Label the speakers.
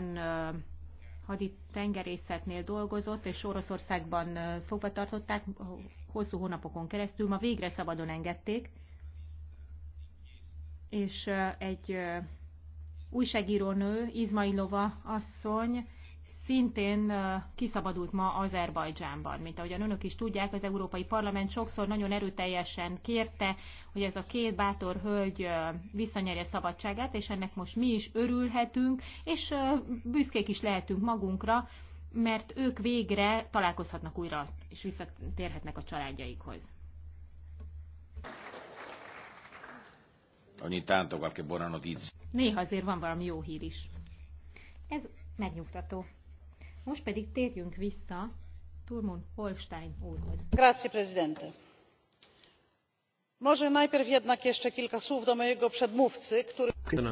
Speaker 1: ukrán haditengerészetnél dolgozott, és Oroszországban fogva tartották hosszú hónapokon keresztül. Ma végre szabadon engedték, és egy újságírónő, Izmailova asszony szintén kiszabadult ma Azerbajdzsánban. Mint ahogyan önök is tudják, az Európai Parlament sokszor nagyon erőteljesen kérte, hogy ez a két bátor hölgy visszanyerje szabadságát, és ennek most mi is örülhetünk, és büszkék is lehetünk magunkra, mert ők végre találkozhatnak újra, és visszatérhetnek a családjaikhoz.
Speaker 2: Ogni tanto qualche buona notizia.
Speaker 1: Néha azért van valami jó hír is.
Speaker 3: Ez megnyugtató. Most pedig térjünk vissza Turmund Holstein
Speaker 4: úrhoz. Grazie, Presidente. Może najpierw jednak jeszcze kilka słów do mojego przedmówcy, który... Köszönöm